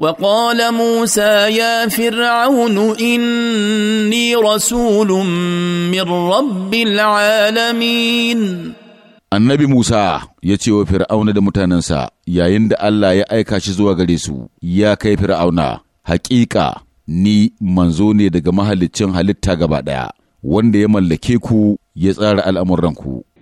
وقال موسى يا فرعون اني رسول من رب العالمين annabi Musa ya ce wa Fir'auna da mutanensa yayin da Allah ya aika shi zuwa gare su, ya kai Fir'auna, hakika ni manzo ne daga mahaliccin halitta gaba ɗaya, wanda ya mallake ku ya tsara al'amuranku.